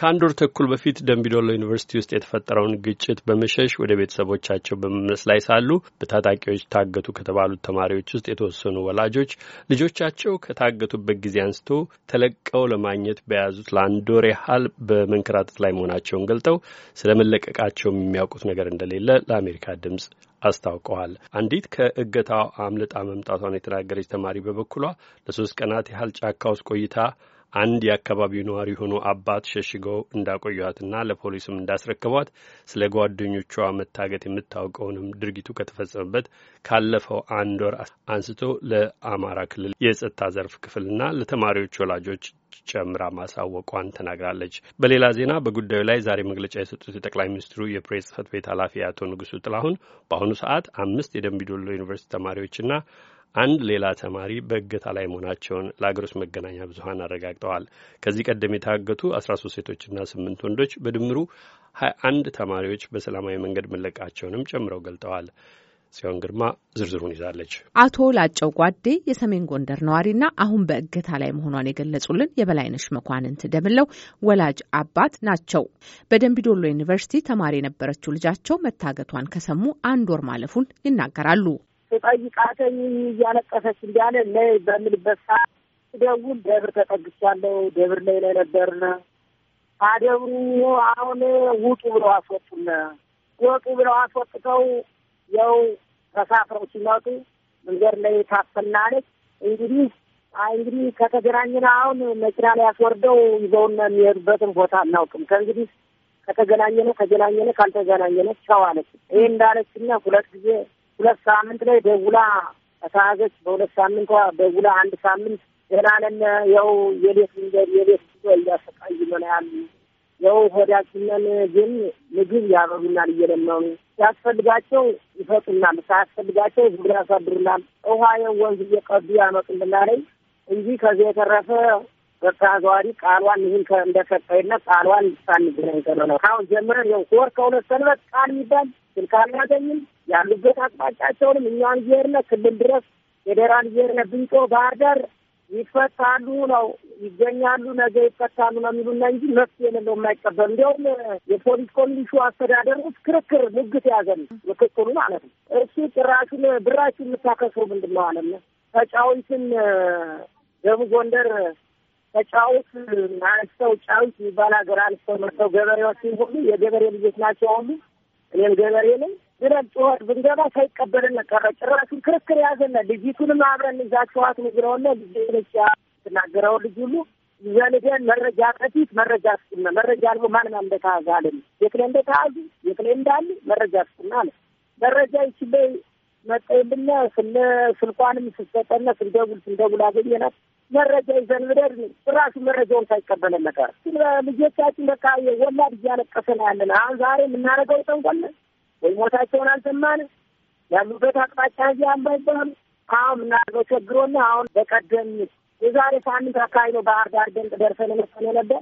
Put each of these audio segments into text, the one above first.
ከአንድ ወር ተኩል በፊት ደንቢዶሎ ዩኒቨርሲቲ ውስጥ የተፈጠረውን ግጭት በመሸሽ ወደ ቤተሰቦቻቸው በመመለስ ላይ ሳሉ በታጣቂዎች ታገቱ ከተባሉት ተማሪዎች ውስጥ የተወሰኑ ወላጆች ልጆቻቸው ከታገቱበት ጊዜ አንስቶ ተለቀው ለማግኘት በያዙት ለአንድ ወር ያህል በመንከራተት ላይ መሆናቸውን ገልጠው ስለ መለቀቃቸው የሚያውቁት ነገር እንደሌለ ለአሜሪካ ድምጽ አስታውቀዋል። አንዲት ከእገታው አምልጣ መምጣቷን የተናገረች ተማሪ በበኩሏ ለሶስት ቀናት ያህል ጫካ ውስጥ ቆይታ አንድ የአካባቢው ነዋሪ የሆኑ አባት ሸሽገው እንዳቆዩትና ለፖሊስም እንዳስረከቧት ስለ ጓደኞቿ መታገት የምታውቀውንም ድርጊቱ ከተፈጸመበት ካለፈው አንድ ወር አንስቶ ለአማራ ክልል የጸጥታ ዘርፍ ክፍልና ለተማሪዎች ወላጆች ጨምራ ማሳወቋን ተናግራለች። በሌላ ዜና በጉዳዩ ላይ ዛሬ መግለጫ የሰጡት የጠቅላይ ሚኒስትሩ የፕሬስ ጽህፈት ቤት ኃላፊ አቶ ንጉሱ ጥላሁን በአሁኑ ሰዓት አምስት የደምቢዶሎ ዩኒቨርሲቲ ተማሪዎችና አንድ ሌላ ተማሪ በእገታ ላይ መሆናቸውን ለአገር ውስጥ መገናኛ ብዙኃን አረጋግጠዋል። ከዚህ ቀደም የታገቱ አስራ ሶስት ሴቶችና ስምንት ወንዶች በድምሩ ሀያ አንድ ተማሪዎች በሰላማዊ መንገድ መለቃቸውንም ጨምረው ገልጠዋል። ጽዮን ግርማ ዝርዝሩን ይዛለች። አቶ ላጨው ጓዴ የሰሜን ጎንደር ነዋሪና አሁን በእገታ ላይ መሆኗን የገለጹልን የበላይነሽ መኳንንት ደምለው ወላጅ አባት ናቸው። በደንቢዶሎ ዩኒቨርሲቲ ተማሪ የነበረችው ልጃቸው መታገቷን ከሰሙ አንድ ወር ማለፉን ይናገራሉ። ጠይቃተኝ እያለቀሰች እንዲያለ ነይ በምልበት ሰዓት ደውል ደብር ተጠግቻለሁ፣ ደብር ላይ ላይ ነበርን። አደብሩ አሁን ውጡ ብለው አስወጡን። ወጡ ብለው አስወጥተው ያው ተሳፍረው ሲመጡ መንገድ ላይ ታፈናለች። እንግዲህ እንግዲህ ከተገናኘን አሁን መኪና ላይ ያስወርደው ይዘውን የሚሄዱበትን ቦታ አናውቅም። ከእንግዲህ ከተገናኘነ ተገናኘነ፣ ካልተገናኘነ ቻው አለች። ይህ እንዳለችና ሁለት ጊዜ ሁለት ሳምንት ላይ ደውላ ተያዘች። በሁለት ሳምንቷ ደውላ አንድ ሳምንት ደህና ያው የሌት መንገድ የሌት ጉዞ እያሰቃይ ነው ያሉ፣ ያው ሆዳችንን ግን ምግብ ያበሉናል እየለመኑ ሲያስፈልጋቸው ይሰጡናል፣ ሳያስፈልጋቸው ዝም ያሳድሩናል። ውሃዬን ወንዝ እየቀዱ ያመጡልናል እንጂ ከዚህ የተረፈ በተዘዋዋሪ ቃሏን ይህን እንደሰጠይነ ቃሏን ሳንገናኝ ቀረ ነው። ካሁን ጀምረን ው ወር ከሁለት ሰንበት ቃል የሚባል ስልክ አናገኝም። ያሉበት አቅጣጫቸውንም እኛን ዜርነ ክልል ድረስ ፌዴራል ዜርነ ብንጮ ባህር ዳር ይፈታሉ ነው ይገኛሉ፣ ነገ ይፈታሉ ነው የሚሉና እንጂ መፍትሄ የሌለው የማይቀበል እንዲያውም የፖሊስ ኮሚሽኑ አስተዳደር ውስጥ ክርክር ሙግት ያዘን ምክክሉ ማለት ነው። እሱ ጭራሹን ብራችሁ የምታከስሩ ምንድን ነው አለም ተጫዊትን ደቡብ ጎንደር ተጫዊት አንስተው ጫዊት የሚባል ሀገር አንስተው መጥተው ገበሬዎች ሁሉ የገበሬ ልጆች ናቸው ሁሉ እኔም ገበሬ ነኝ ብለን ጩኸት ብንገባ ሳይቀበልን ቀረ። ጭራሹን ክርክር ያዘና ልጅቱንም አብረን ይዛችኋት ንግረውና ልጅ ነች ትናገረው ልጅ ሁሉ ዘንደን መረጃ በፊት መረጃ ስጥና መረጃ አልቦ ማን ማን እንደተያዘ አለን። የት ላይ እንደተያዙ የት እንዳሉ መረጃ ስጥና አለ። መረጃ ይች ላይ መጠይልና ስለ ስልኳንም ስሰጠና ስንደውል ስንደውል አገኘናት። መረጃ ይዘን ብደር ጭራሹ መረጃውን ሳይቀበለን ቀረ። ልጆቻችን በቃ ወላድ እያለቀሰ ነው ያለን። አሁን ዛሬ የምናደርገው ጠንቆለን ወይ ሞታቸውን አልሰማን ያሉበት አቅጣጫ እዚህ አለ አይባሉ አሁን ቸግሮና አሁን በቀደም የዛሬ ሳምንት አካባቢ ነው ባህር ዳር ደንቅ ደርሰን መሰለ ነበር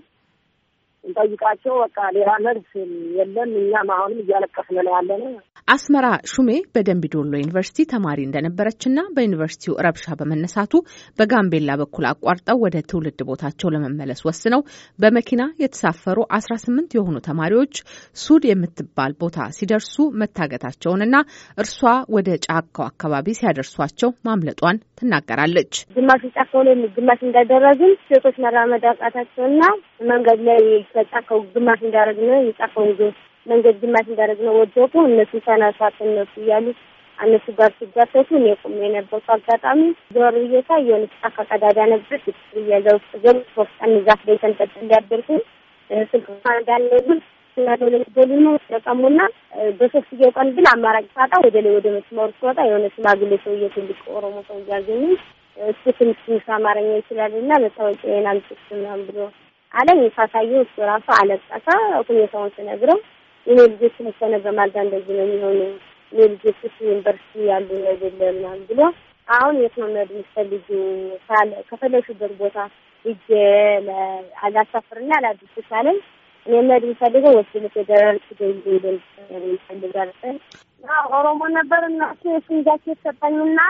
እንጠይቃቸው። በቃ ሌላ መልስ የለም። እኛም አሁንም እያለቀስን ነው ያለ አስመራ ሹሜ በደንቢዶሎ ዩኒቨርሲቲ ተማሪ እንደነበረችና በዩኒቨርሲቲው ረብሻ በመነሳቱ በጋምቤላ በኩል አቋርጠው ወደ ትውልድ ቦታቸው ለመመለስ ወስነው በመኪና የተሳፈሩ 18 የሆኑ ተማሪዎች ሱድ የምትባል ቦታ ሲደርሱ መታገታቸውንና እርሷ ወደ ጫካው አካባቢ ሲያደርሷቸው ማምለጧን ትናገራለች። ግማሹ ጫካው ላይ ግማሽ እንዳደረግን ሴቶች መራመድ አቃታቸውና መንገድ ላይ ከጫካው ግማሽ እንዳደረግን የጫካውን መንገድ ግማሽ እንዳደረግ ነው ወደቁ። እነሱ ተነሱ አትነሱ እያሉ አነሱ ጋር ሲጋተቱ እኔ ቁሜ የነበርኩ አጋጣሚ ዞር ብዬ ሳይ የሆነች ጫካ ቀዳዳ ነበር እያዛ ውስጥ ገብ ሶፍጣን ዛፍ ላይ ተንጠጥ እንዲያደርኩ ስልክ እንዳለብል ስናደለጎሉ ነው ተቀሙና በሶስትየው ቀን ግን አማራጭ ሳጣ ወደ ላይ ወደ መስመሩ ስወጣ የሆነ ሽማግሌ ሰውዬ ትልቅ ኦሮሞ ሰው እያገኙ እሱ ትንሽ ትንሽ አማርኛ ይችላል እና መታወቂያ ናምጭ ምናምን ብሎ አለኝ። ሳሳየው እሱ ራሱ አለቀሰ። ሁኔታውን ስነግረው ይሄ ልጆች መሰነ በማልዳ እንደዚህ ነው የሚሆኑ ይሄ ልጆች ዩኒቨርሲቲ ያሉ ነው አይደለም ምናምን ብሎ አሁን የት ነው መሄድ የምትፈልጊ ካለ ከፈለግሽበት ቦታ ሂጅ አላሳፍርና አላድርስ ካለኝ እኔ መሄድ የምፈልገው ወስ ፌደራል ስገኝል ይፈልጋል ኦሮሞ ነበር እና ስንጃቸው የተሰጠኝና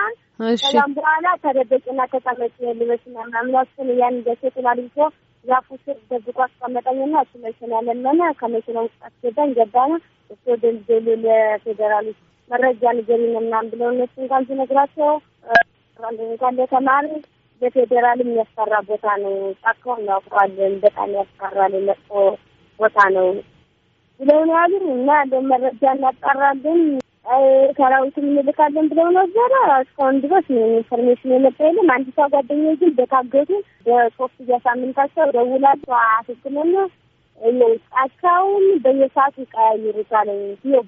ከዛም በኋላ ተደበቂና ተቀመጭ ልበስና ምናምን ስን ያን ጃቸው ተባልቶ ዛፉ ስር ደብቆ አስቀመጠኝና እሱ መኪና ለመነ። ከመኪና ውስጥ አስገባኝ። ገባነ እሱ ደልደሉ ለፌዴራሉ መረጃ ንገሪ ምናምን ብለው እነሱ እንኳን ሲነግራቸው እንኳን ለተማሪ ለፌዴራል የሚያስፈራ ቦታ ነው። ጫካውን እናውቀዋለን። በጣም ያስፈራል። መጥፎ ቦታ ነው ብለው ነው ያሉን እና ያለውን መረጃ እናጣራለን ሰራዊትም እንልካለን ብለው ነበረ። እስካሁን ድረስ ምንም ኢንፎርሜሽን የመጣ የለም። አንዲቷ ጓደኛ ግን በታገቱ በሶስት እያሳምንታቸው ደውላል አስክመና ጫካውን በየሰዓቱ ይቀያይሩታል።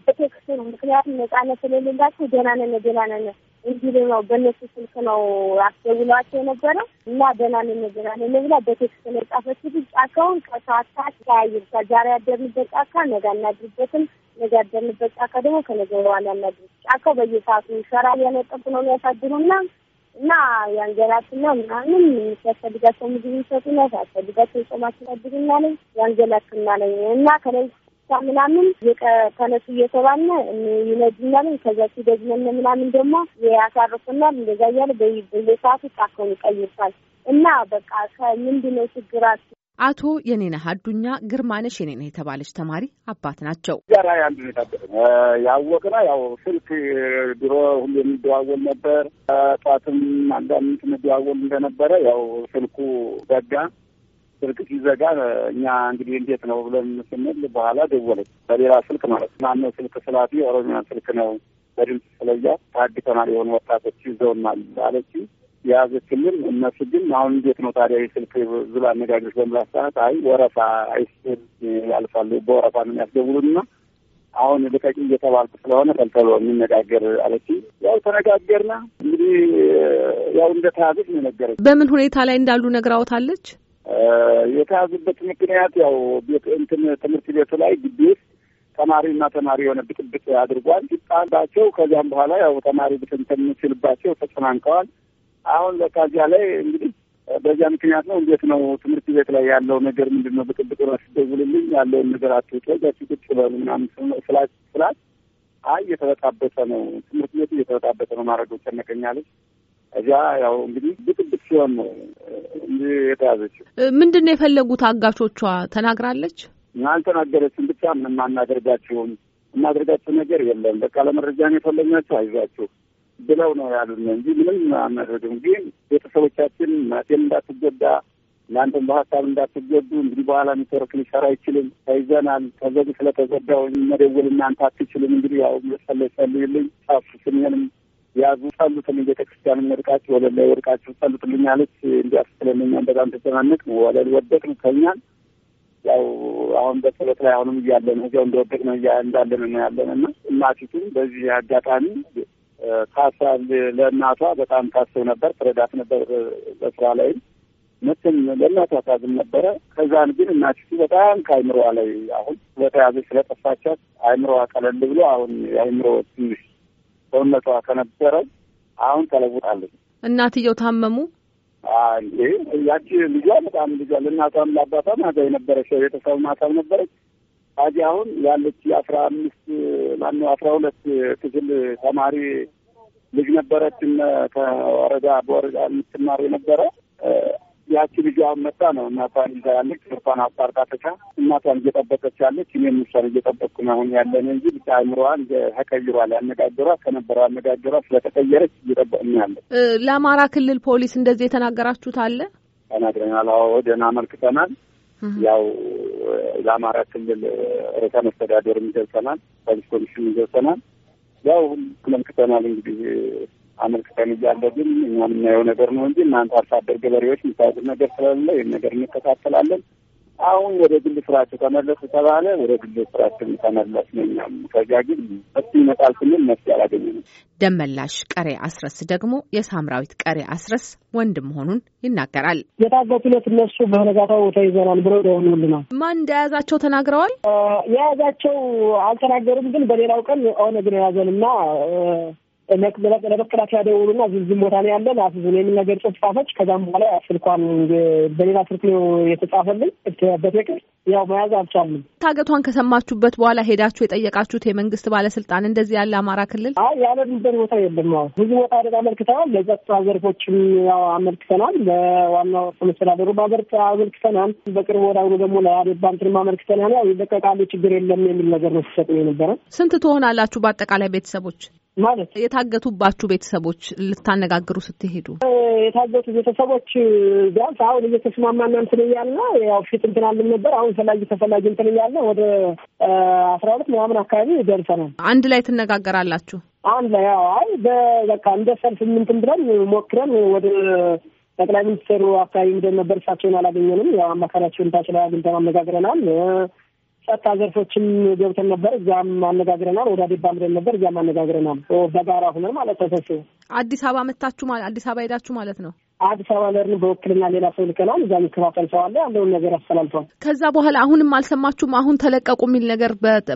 በቴክስት ነው። ምክንያቱም ነጻነት ስለሌላቸው ደህና ነን ደህና ነን እንዲሉ ነው። በእነሱ ስልክ ነው አስደውለዋቸው የነበረው እና ደህና ነን ደህና ነን ብላ በቴክስት ነው የጻፈችው። ጫካውን ከሰዓት ሰዓት ይቀያይሩታል። ዛሬ ያደርንበት ጫካ ነገ አናድርበትም ነገ ያደርንበት ጫካ ደግሞ ከነገ በኋላ ያናድሩ ጫካው በየሰዓቱ ሸራ እያነጠፉ ነው የሚያሳድሩና እና የአንገላትና ምናምን የሚያስፈልጋቸው ምግብ ይሰጡና ያስፈልጋቸው ጾማችን ያድሩና ነኝ የአንገላትና ነኝ እና ከላይ ምናምን ተነሱ እየተባለ ይነጅናል። ከዛ ሲደግመን ምናምን ደግሞ ያሳርፉናል። እንደዛ እያለ በየሰዓቱ ጫካውን ይቀይርታል እና በቃ ከምንድነው ችግራችሁ? አቶ የኔነህ አዱኛ ግርማነሽ የኔነህ የተባለች ተማሪ አባት ናቸው። ጋራ አንዱ ያወቅና ያው ስልክ ድሮ ሁሉ የሚደዋወል ነበር። ጠዋትም አንዳንድ እንደዋወል እንደነበረ ያው ስልኩ ዘጋ። ስልክ ሲዘጋ እኛ እንግዲህ እንዴት ነው ብለን ስንል በኋላ ደወለች በሌላ ስልክ ማለት ነው። ማነው ስልክ ስላፊ ኦሮሚያ ስልክ ነው በድምፅ ስለያ ታድ ተማሪ የሆኑ ወጣቶች ይዘውናል አለችኝ። የያዘ ክልል እነሱ ግን አሁን እንዴት ነው ታዲያ የስልክ ዙር አነጋገሮች በምላት ሰዓት አይ ወረፋ አይስል ያልፋሉ በወረፋ ነው የሚያስደውሉና አሁን ልቀቂ እየተባልኩ ስለሆነ ተልተሎ የሚነጋገር አለች። ያው ተነጋገርና እንግዲህ ያው እንደ ተያዘች ነው የነገረች። በምን ሁኔታ ላይ እንዳሉ ነግራውታለች። የተያዙበት ምክንያት ያው እንትን ትምህርት ቤቱ ላይ ግቢ ውስጥ ተማሪና ተማሪ የሆነ ብጥብጥ አድርጓል ሲጣላቸው፣ ከዚያም በኋላ ያው ተማሪ ብትንትን ሲልባቸው ተጨናንቀዋል። አሁን ለካዚያ ላይ እንግዲህ በዚያ ምክንያት ነው። እንዴት ነው ትምህርት ቤት ላይ ያለው ነገር ምንድን ነው? በጥብቅ ነው ሲደውልልኝ ያለውን ነገር አትውጡ ዛች ቁጭ በሉ ምናምን ስላት ስላት አይ እየተበጣበጠ ነው ትምህርት ቤቱ እየተበጣበጠ ነው ማድረገው ጨነቀኛለች። እዚያ ያው እንግዲህ ብጥብጥ ሲሆን ነው እንጂ የተያዘችው። ምንድን ነው የፈለጉት አጋቾቿ? ተናግራለች? አልተናገረችም። ብቻ ምንም አናደርጋችሁም፣ እናደርጋችሁ ነገር የለም በቃ ለመረጃ ነው የፈለግናቸው አይዟችሁ ብለው ነው ያሉን እንጂ ምንም አናደርግም። ግን ቤተሰቦቻችን ማቴን እንዳትጎዳ እናንተም በሀሳብ እንዳትጎዱ እንግዲህ በኋላ ኔትወርክ ሊሰራ አይችልም፣ ተይዘናል። ከዘግ ስለተጎዳው መደወል እናንተ አትችልም። እንግዲህ ያው መጸለይ ጸልዩልኝ፣ ጻፉ፣ ስሜንም ያዙ፣ ጸሉትልኝ፣ ቤተክርስቲያን ወድቃችሁ ወለል ላይ ወድቃችሁ ጸሉትልኝ አለች። እንዲያስለለኛን በጣም ተጨናነቅ ወለል ወደቅን ከኛል ያው አሁን በጸሎት ላይ አሁንም እያለን እዚያው እንደወደቅ ነው እንዳለን ነው ያለን እና እናቲቱም በዚህ አጋጣሚ ካሳ ለእናቷ በጣም ታስብ ነበር፣ ትረዳት ነበር። በስራ ላይም ምትም ለእናቷ ታዝም ነበረ። ከዛን ግን እናቲቱ በጣም ከአይምሮዋ ላይ አሁን ስለተያዘች ስለጠፋቻት አይምሮዋ ቀለል ብሎ አሁን የአይምሮ ትንሽ ሰውነቷ ከነበረው አሁን ተለውጣለች። እናትየው ታመሙ። ይህ ያቺ ልጇ በጣም ልጇ ለእናቷም ለአባቷም አዛኝ ነበረች፣ ቤተሰብ ማሳብ ነበረች። ታዲያ አሁን ያለች የአስራ አምስት ማነው አስራ ሁለት ክፍል ተማሪ ልጅ ነበረች ከወረዳ በወረዳ የምትማር የነበረ ያቺ ልጅ አሁን መጣ ነው እናቷን ይዛ ያለች እርሷን አስታርቃተቻ እናቷን እየጠበቀች ያለች እኔም ምሳን እየጠበቅኩ ነው አሁን ያለን እንጂ ብቻ አይምሮዋን ተቀይሯል። ያነጋገሯ ከነበረው አነጋገሯ ስለተቀየረች እየጠበቅን ያለ። ለአማራ ክልል ፖሊስ እንደዚህ የተናገራችሁት አለ? ተናግረናል። አዎ ወደን አመልክተናል። ያው ለአማራ ክልል ርዕሰ መስተዳደርም ገብተናል፣ ሳይንስ ኮሚሽን ገብተናል። ያው አመልክተናል እንግዲህ አመልክተን እያለ ግን እኛ የምናየው ነገር ነው እንጂ እናንተ አርሶ አደር ገበሬዎች የምታዩት ነገር ስለሌለ ይህን ነገር እንከታተላለን። አሁን ወደ ግል ስራቸው ተመለሱ ተባለ። ወደ ግል ስራችን ተመለስ ነኛም ከዚያ ግን መስ ይመጣል ስንል መስ ያላገኘ ነው። ደመላሽ ቀሬ አስረስ ደግሞ የሳምራዊት ቀሬ አስረስ ወንድ መሆኑን ይናገራል። የታገቱ ዕለት እነሱ በነጋታው ተይዘናል ብሎ ደውለውልናል። ማን እንደያዛቸው ተናግረዋል። የያዛቸው አልተናገሩም፣ ግን በሌላው ቀን ኦነግን የያዘን እና ለመከላከያ ደውሉና ዝዝም ቦታ ነው ያለን አስዙን የሚል ነገር ጽሑፍ ጻፈች። ከዛም በኋላ ስልኳን በሌላ ስልክ ነው የተጻፈልን። በቴክስ ያው መያዝ አልቻልም። ታገቷን ከሰማችሁበት በኋላ ሄዳችሁ የጠየቃችሁት የመንግስት ባለስልጣን እንደዚህ ያለ አማራ ክልል ያለንበት ቦታ የለም። ብዙ ቦታ ደግ አመልክተናል። ለጸጥታ ዘርፎችም ያው አመልክተናል። ለዋናው መስተዳደሩ ባገርት አመልክተናል። በቅርብ ወዳሁኑ ደግሞ ለአደባንትንም አመልክተናል። ያው ይለቀቃሉ ችግር የለም የሚል ነገር ነው ሲሰጥ የነበረ። ስንት ትሆናላችሁ በአጠቃላይ ቤተሰቦች? ማለት የታገቱባችሁ ቤተሰቦች ልታነጋግሩ ስትሄዱ የታገቱ ቤተሰቦች ቢያንስ አሁን እየተስማማና እንትን እያልን ያው ፊት እንትን አልም ነበር። አሁን ፈላጊ ተፈላጊ እንትን እያልን ወደ አስራ ሁለት ምናምን አካባቢ ደርሰናል። አንድ ላይ ትነጋገራላችሁ? አንድ ላይ ያው አይ በቃ እንደ ሰልፍ እንትን ብለን ሞክረን ወደ ጠቅላይ ሚኒስትሩ አካባቢ ምደን ነበር። እሳቸውን አላገኘንም። ያው አማካሪያቸውን ታች ላይ አግኝተን አነጋግረናል። ጸጥታ ዘርፎችም ገብተን ነበር። እዚያም አነጋግረናል። ወደ አዴባ ምደን ነበር። እዚያም አነጋግረናል። በጋራ ሁነን ማለት ተሰብስበው አዲስ አበባ መታችሁ ማለት አዲስ አበባ ሄዳችሁ ማለት ነው። አዲስ አበባ ለርን በወክልና ሌላ ሰው ልከናል። እዛ የሚከፋፈል ሰው አለ ያለውን ነገር አስተላልፏል። ከዛ በኋላ አሁንም አልሰማችሁም? አሁን ተለቀቁ የሚል ነገር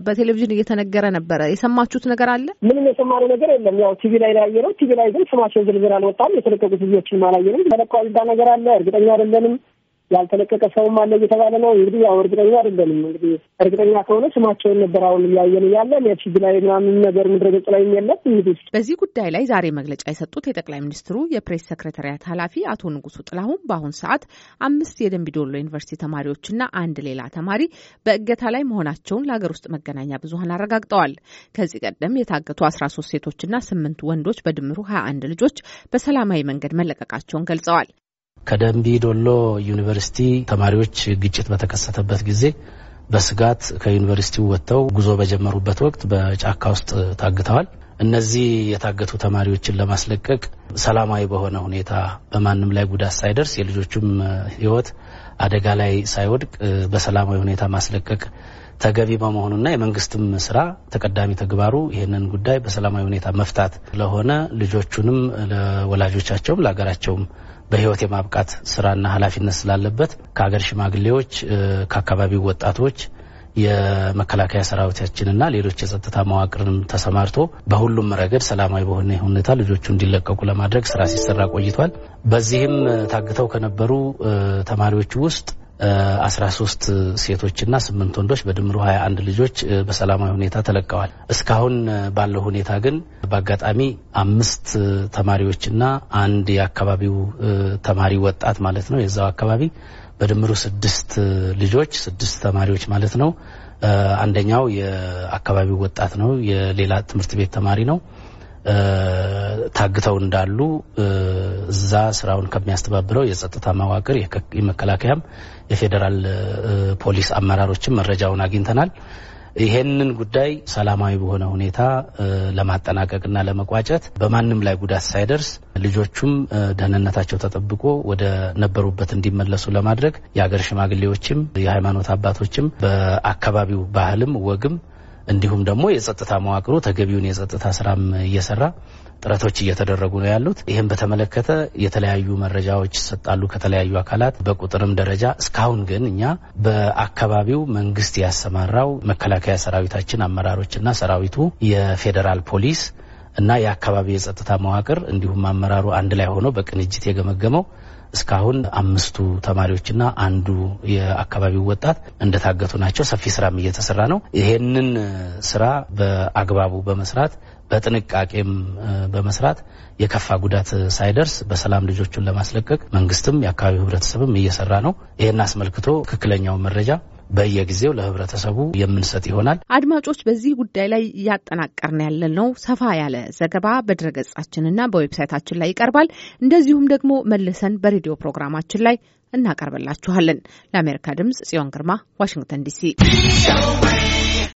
በቴሌቪዥን እየተነገረ ነበረ። የሰማችሁት ነገር አለ? ምንም የሰማነው ነገር የለም። ያው ቲቪ ላይ ላየ ነው። ቲቪ ላይ ግን ስማቸው ዝርዝር አልወጣም። የተለቀቁት ልጆችን አላየንም። ተለቀዋል የሚባል ነገር አለ። እርግጠኛ አይደለንም። ያልተለቀቀ ሰውም አለ እየተባለ ነው። እንግዲህ ያው እርግጠኛ አይደለንም። እንግዲህ እርግጠኛ ከሆነ ስማቸውን ነበር አሁን እያየን እያለ ሜርሽግ ላይ ምናምን ነገር ምድረገጽ ላይ የለም። እንግዲህ በዚህ ጉዳይ ላይ ዛሬ መግለጫ የሰጡት የጠቅላይ ሚኒስትሩ የፕሬስ ሰክሬታሪያት ኃላፊ አቶ ንጉሱ ጥላሁን በአሁን ሰዓት አምስት የደንቢዶሎ ዩኒቨርሲቲ ተማሪዎችና አንድ ሌላ ተማሪ በእገታ ላይ መሆናቸውን ለሀገር ውስጥ መገናኛ ብዙሀን አረጋግጠዋል። ከዚህ ቀደም የታገቱ አስራ ሶስት ሴቶችና ስምንት ወንዶች በድምሩ ሀያ አንድ ልጆች በሰላማዊ መንገድ መለቀቃቸውን ገልጸዋል። ከደንቢ ዶሎ ዩኒቨርሲቲ ተማሪዎች ግጭት በተከሰተበት ጊዜ በስጋት ከዩኒቨርሲቲው ወጥተው ጉዞ በጀመሩበት ወቅት በጫካ ውስጥ ታግተዋል። እነዚህ የታገቱ ተማሪዎችን ለማስለቀቅ ሰላማዊ በሆነ ሁኔታ በማንም ላይ ጉዳት ሳይደርስ የልጆቹም ሕይወት አደጋ ላይ ሳይወድቅ በሰላማዊ ሁኔታ ማስለቀቅ ተገቢ በመሆኑና የመንግስትም ስራ ተቀዳሚ ተግባሩ ይህንን ጉዳይ በሰላማዊ ሁኔታ መፍታት ስለሆነ ልጆቹንም ለወላጆቻቸውም ለሀገራቸውም በህይወት የማብቃት ስራና ኃላፊነት ስላለበት ከሀገር ሽማግሌዎች፣ ከአካባቢው ወጣቶች የመከላከያ ሰራዊታችንና ሌሎች የጸጥታ መዋቅርንም ተሰማርቶ በሁሉም ረገድ ሰላማዊ በሆነ ሁኔታ ልጆቹ እንዲለቀቁ ለማድረግ ስራ ሲሰራ ቆይቷል። በዚህም ታግተው ከነበሩ ተማሪዎች ውስጥ 13 ሴቶችና ስምንት ወንዶች በድምሩ አንድ ልጆች በሰላማዊ ሁኔታ ተለቀዋል። እስካሁን ባለው ሁኔታ ግን በአጋጣሚ አምስት ተማሪዎችና አንድ የአካባቢው ተማሪ ወጣት ማለት ነው የዛው አካባቢ በድምሩ ስድስት ልጆች ስድስት ተማሪዎች ማለት ነው። አንደኛው የአካባቢው ወጣት ነው፣ የሌላ ትምህርት ቤት ተማሪ ነው። ታግተው እንዳሉ እዛ ስራውን ከሚያስተባብረው የጸጥታ መዋቅር የመከላከያም የፌዴራል ፖሊስ አመራሮችም መረጃውን አግኝተናል። ይሄንን ጉዳይ ሰላማዊ በሆነ ሁኔታ ለማጠናቀቅና ለመቋጨት በማንም ላይ ጉዳት ሳይደርስ ልጆቹም ደህንነታቸው ተጠብቆ ወደ ነበሩበት እንዲመለሱ ለማድረግ የሀገር ሽማግሌዎችም የሃይማኖት አባቶችም በአካባቢው ባህልም ወግም እንዲሁም ደግሞ የጸጥታ መዋቅሩ ተገቢውን የጸጥታ ስራም እየሰራ ጥረቶች እየተደረጉ ነው ያሉት። ይህም በተመለከተ የተለያዩ መረጃዎች ይሰጣሉ ከተለያዩ አካላት በቁጥርም ደረጃ። እስካሁን ግን እኛ በአካባቢው መንግስት ያሰማራው መከላከያ ሰራዊታችን አመራሮችና ሰራዊቱ፣ የፌዴራል ፖሊስ እና የአካባቢ የጸጥታ መዋቅር እንዲሁም አመራሩ አንድ ላይ ሆኖ በቅንጅት የገመገመው እስካሁን አምስቱ ተማሪዎችና አንዱ የአካባቢው ወጣት እንደታገቱ ናቸው። ሰፊ ስራም እየተሰራ ነው። ይሄንን ስራ በአግባቡ በመስራት በጥንቃቄም በመስራት የከፋ ጉዳት ሳይደርስ በሰላም ልጆቹን ለማስለቀቅ መንግስትም የአካባቢው ህብረተሰብም እየሰራ ነው። ይህን አስመልክቶ ትክክለኛው መረጃ በየጊዜው ለህብረተሰቡ የምንሰጥ ይሆናል። አድማጮች፣ በዚህ ጉዳይ ላይ እያጠናቀርን ነው። ሰፋ ያለ ዘገባ በድረገጻችንና በዌብሳይታችን ላይ ይቀርባል። እንደዚሁም ደግሞ መልሰን በሬዲዮ ፕሮግራማችን ላይ እናቀርብላችኋለን። ለአሜሪካ ድምጽ ጽዮን ግርማ ዋሽንግተን ዲሲ